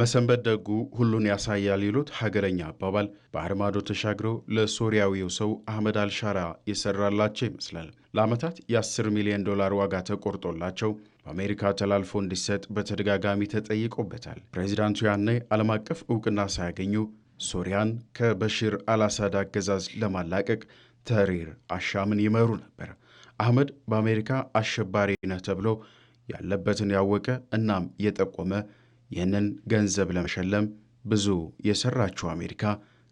መሰንበት ደጉ ሁሉን ያሳያል ይሉት ሀገረኛ አባባል በአርማዶ ተሻግረው ለሶሪያዊው ሰው አህመድ አልሻራ የሰራላቸው ይመስላል። ለዓመታት የ10 ሚሊዮን ዶላር ዋጋ ተቆርጦላቸው በአሜሪካ ተላልፎ እንዲሰጥ በተደጋጋሚ ተጠይቆበታል። ፕሬዚዳንቱ ያኔ ዓለም አቀፍ እውቅና ሳያገኙ ሶሪያን ከበሽር አልአሳድ አገዛዝ ለማላቀቅ ተሪር አሻምን ይመሩ ነበር። አህመድ በአሜሪካ አሸባሪ ነህ ተብሎ ያለበትን ያወቀ እናም የጠቆመ ይህንን ገንዘብ ለመሸለም ብዙ የሰራችው አሜሪካ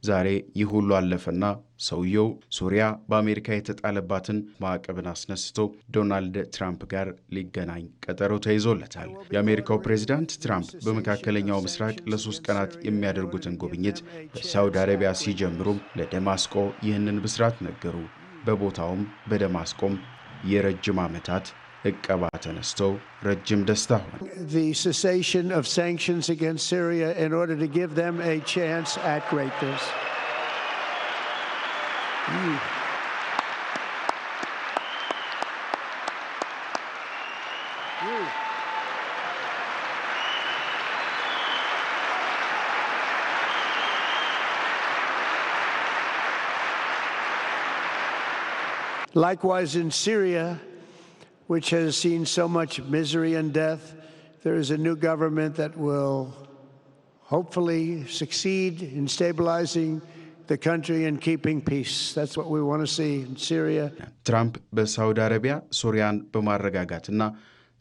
ዛሬ ይህ ሁሉ አለፈና ሰውየው ሱሪያ በአሜሪካ የተጣለባትን ማዕቀብን አስነስቶ ዶናልድ ትራምፕ ጋር ሊገናኝ ቀጠሮ ተይዞለታል። የአሜሪካው ፕሬዚዳንት ትራምፕ በመካከለኛው ምስራቅ ለሶስት ቀናት የሚያደርጉትን ጉብኝት በሳውዲ አረቢያ ሲጀምሩም ለደማስቆ ይህንን ብስራት ነገሩ። በቦታውም በደማስቆም የረጅም ዓመታት The cessation of sanctions against Syria in order to give them a chance at greatness. Likewise in Syria, which has seen so much misery and death. There is a new government that will hopefully succeed in stabilizing the country and keeping peace. That's what we want to see in Syria. ትራምፕ በሳውዲ አረቢያ ሱሪያን በማረጋጋትና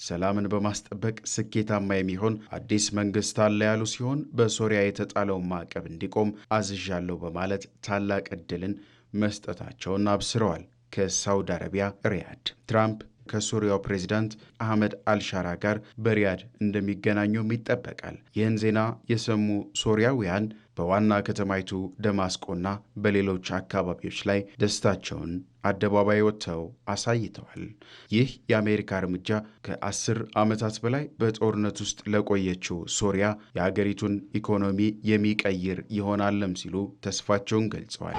ሰላምን በማስጠበቅ ስኬታማ የሚሆን አዲስ መንግስት አለ ያሉ ሲሆን በሶሪያ የተጣለውን ማዕቀብ እንዲቆም አዝዣለሁ በማለት ታላቅ ዕድልን መስጠታቸውን አብስረዋል። ከሳውዲ አረቢያ ሪያድ ትራምፕ ከሱሪያው ፕሬዚዳንት አህመድ አልሻራ ጋር በሪያድ እንደሚገናኙም ይጠበቃል። ይህን ዜና የሰሙ ሶሪያውያን በዋና ከተማይቱ ደማስቆና በሌሎች አካባቢዎች ላይ ደስታቸውን አደባባይ ወጥተው አሳይተዋል። ይህ የአሜሪካ እርምጃ ከአስር ዓመታት በላይ በጦርነት ውስጥ ለቆየችው ሶሪያ የአገሪቱን ኢኮኖሚ የሚቀይር ይሆናልም ሲሉ ተስፋቸውን ገልጸዋል።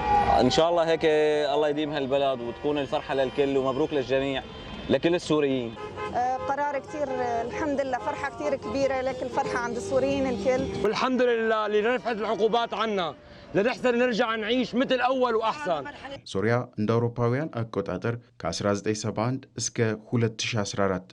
لكل السوريين آه، قرار كثير آه، الحمد لله فرحه كثير كبيره لك الفرحه عند السوريين الكل والحمد لله لنفحت العقوبات عنا لنحسن نرجع نعيش مثل اول واحسن سوريا እንደ اوروباويان اكوتاتر ك 1971 اسك 2014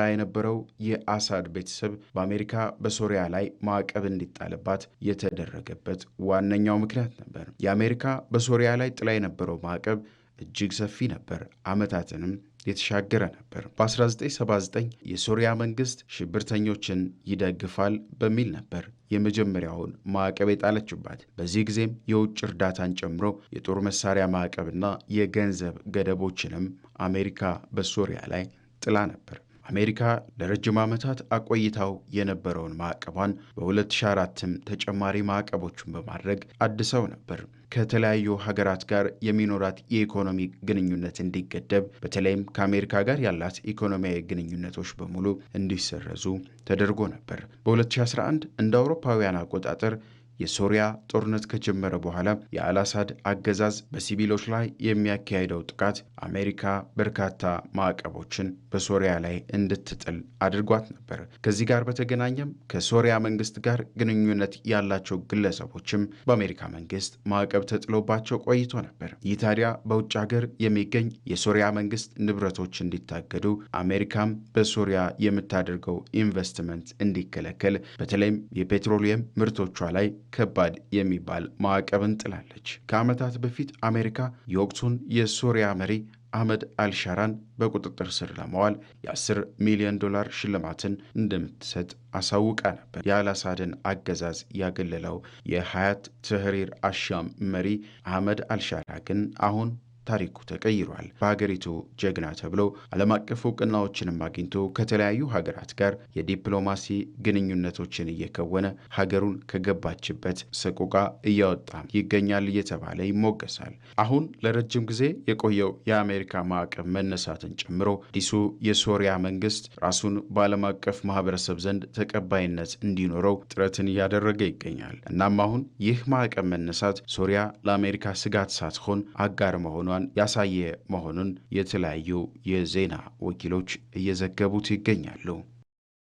ينبرو يا ይመራ بيتسب بامريكا بسوريا لاي ماقب اندي طالبات يتدرجبت واننياو ዋነኛው نبر يا امريكا بسوريا لاي ጥላ ينبرو ماقب እጅግ ሰፊ ነበር፣ ዓመታትንም የተሻገረ ነበር። በ1979 የሶሪያ መንግሥት ሽብርተኞችን ይደግፋል በሚል ነበር የመጀመሪያውን ማዕቀብ የጣለችባት። በዚህ ጊዜም የውጭ እርዳታን ጨምሮ የጦር መሳሪያ ማዕቀብና የገንዘብ ገደቦችንም አሜሪካ በሶሪያ ላይ ጥላ ነበር። አሜሪካ ለረጅም ዓመታት አቆይታው የነበረውን ማዕቀቧን በ2004ም ተጨማሪ ማዕቀቦቹን በማድረግ አድሰው ነበር። ከተለያዩ ሀገራት ጋር የሚኖራት የኢኮኖሚ ግንኙነት እንዲገደብ በተለይም ከአሜሪካ ጋር ያላት ኢኮኖሚያዊ ግንኙነቶች በሙሉ እንዲሰረዙ ተደርጎ ነበር። በ2011 እንደ አውሮፓውያን አቆጣጠር የሶሪያ ጦርነት ከጀመረ በኋላ የአልአሳድ አገዛዝ በሲቪሎች ላይ የሚያካሄደው ጥቃት አሜሪካ በርካታ ማዕቀቦችን በሶሪያ ላይ እንድትጥል አድርጓት ነበር። ከዚህ ጋር በተገናኘም ከሶሪያ መንግስት ጋር ግንኙነት ያላቸው ግለሰቦችም በአሜሪካ መንግስት ማዕቀብ ተጥሎባቸው ቆይቶ ነበር። ይህ ታዲያ በውጭ ሀገር የሚገኝ የሶሪያ መንግስት ንብረቶች እንዲታገዱ፣ አሜሪካም በሶሪያ የምታደርገው ኢንቨስትመንት እንዲከለከል፣ በተለይም የፔትሮሊየም ምርቶቿ ላይ ከባድ የሚባል ማዕቀብ እንጥላለች። ከዓመታት በፊት አሜሪካ የወቅቱን የሶሪያ መሪ አህመድ አልሻራን በቁጥጥር ስር ለማዋል የ10 ሚሊዮን ዶላር ሽልማትን እንደምትሰጥ አሳውቃ ነበር። የአልአሳድን አገዛዝ ያገለለው የሀያት ትህሪር አሻም መሪ አህመድ አልሻራ ግን አሁን ታሪኩ ተቀይሯል። በሀገሪቱ ጀግና ተብሎ ዓለም አቀፍ እውቅናዎችንም አግኝቶ ከተለያዩ ሀገራት ጋር የዲፕሎማሲ ግንኙነቶችን እየከወነ ሀገሩን ከገባችበት ሰቆቃ እያወጣ ይገኛል እየተባለ ይሞገሳል። አሁን ለረጅም ጊዜ የቆየው የአሜሪካ ማዕቀብ መነሳትን ጨምሮ አዲሱ የሶሪያ መንግስት ራሱን በዓለም አቀፍ ማህበረሰብ ዘንድ ተቀባይነት እንዲኖረው ጥረትን እያደረገ ይገኛል። እናም አሁን ይህ ማዕቀብ መነሳት ሶሪያ ለአሜሪካ ስጋት ሳትሆን አጋር መሆኗ መሆኗን ያሳየ መሆኑን የተለያዩ የዜና ወኪሎች እየዘገቡት ይገኛሉ።